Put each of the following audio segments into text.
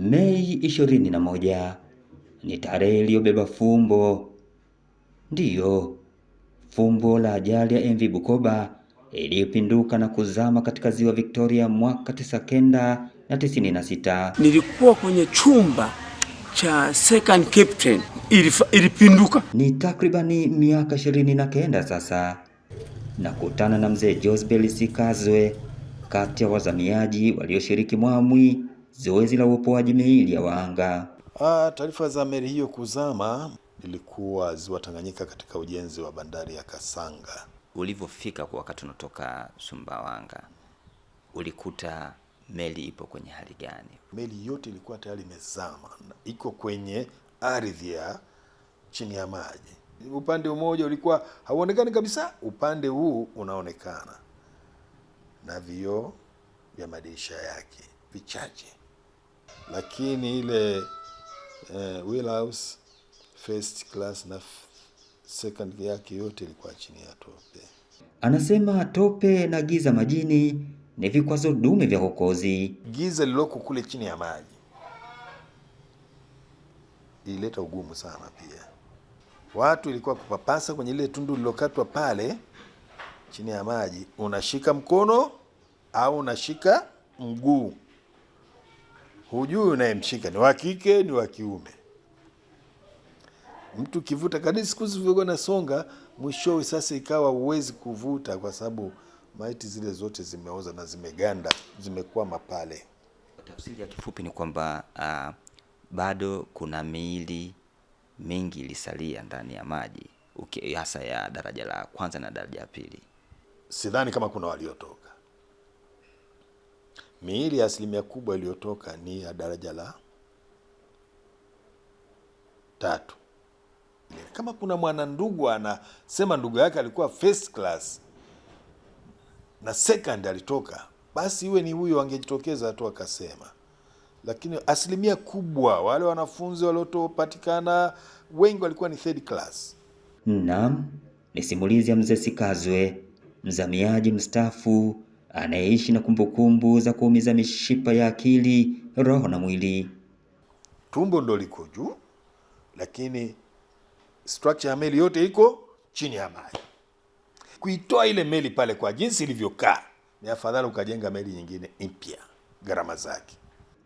Mei ishirini na moja ni tarehe iliyobeba fumbo, ndiyo fumbo la ajali ya MV Bukoba iliyopinduka na kuzama katika ziwa Victoria mwaka tisa kenda na tisini na sita. Nilikuwa kwenye chumba cha second captain, ilipinduka. Ni takribani miaka ishirini na kenda sasa. Nakutana na mzee Josbel Sikazwe, kati ya wazamiaji walioshiriki mwamwi zoezi la uopoaji miili ya wahanga. Ah, taarifa za meli hiyo kuzama ilikuwa ziwa Tanganyika katika ujenzi wa bandari ya Kasanga. Ulivyofika kwa wakati unatoka Sumbawanga, ulikuta meli ipo kwenye hali gani? Meli yote ilikuwa tayari imezama, iko kwenye ardhi ya chini ya maji. Upande mmoja ulikuwa hauonekani kabisa, upande huu unaonekana na vioo vya madirisha yake vichache lakini ile uh, eh, wheelhouse first class na second yake yote ilikuwa chini ya tope. Anasema tope na giza majini ni vikwazo dume vya kokozi. Giza liloko kule chini ya maji ilileta ugumu sana pia watu, ilikuwa kupapasa kwenye lile tundu lilokatwa pale chini ya maji, unashika mkono au unashika mguu hujui unayemshika ni wa kike ni wa kiume. Mtu kivuta kadri siku zilivyokuwa nasonga, mwishowe sasa ikawa huwezi kuvuta kwa sababu maiti zile zote zimeoza na zimeganda, zimekwama pale. Tafsiri ya kifupi ni kwamba uh, bado kuna miili mingi ilisalia ndani ya maji hasa ya daraja la kwanza na daraja ya pili. Sidhani kama kuna waliotoka miili ya asilimia kubwa iliyotoka ni ya daraja la tatu. Kama kuna ndugu anasema ndugu yake alikuwa first class na second alitoka, basi iwe ni huyo angejitokeza tu akasema. Lakini asilimia kubwa wale wanafunzi waliotopatikana wengi walikuwa ni third class. Naam, ni simulizi ya mzee Sikazwe, mzamiaji mstaafu anayeishi na kumbukumbu za kuumiza mishipa ya akili, roho na mwili. Tumbo ndo liko juu, lakini structure ya meli yote iko chini ya maji. Kuitoa ile meli pale kwa jinsi ilivyokaa, ni afadhali ukajenga meli nyingine mpya, gharama zake.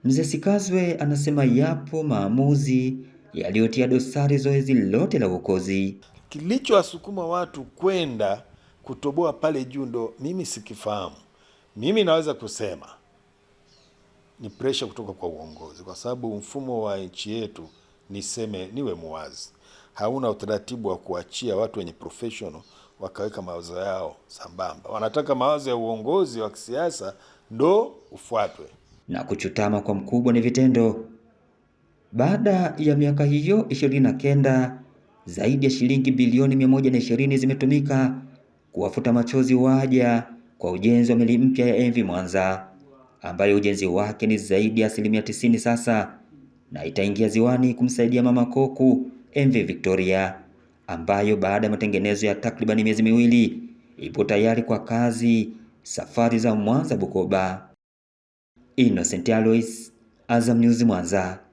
Mzee Sikazwe anasema yapo maamuzi yaliyotia dosari zoezi lote la uokozi. Kilichowasukuma watu kwenda kutoboa pale juu ndo mimi sikifahamu, mimi naweza kusema ni presha kutoka kwa uongozi, kwa sababu mfumo wa nchi yetu, niseme niwe muwazi, hauna utaratibu wa kuachia watu wenye professional wakaweka mawazo yao sambamba. Wanataka mawazo ya uongozi wa kisiasa ndo ufuatwe na kuchutama kwa mkubwa ni vitendo. Baada ya miaka hiyo ishirini na kenda, zaidi ya shilingi bilioni 120 zimetumika kuwafuta machozi waja kwa ujenzi wa meli mpya ya MV Mwanza ambayo ujenzi wake ni zaidi ya asilimia tisini sasa na itaingia ziwani kumsaidia mama koku MV Victoria ambayo baada ya matengenezo ya takribani miezi miwili ipo tayari kwa kazi safari za Mwanza Bukoba. Innocent Alois, Azam News Mwanza.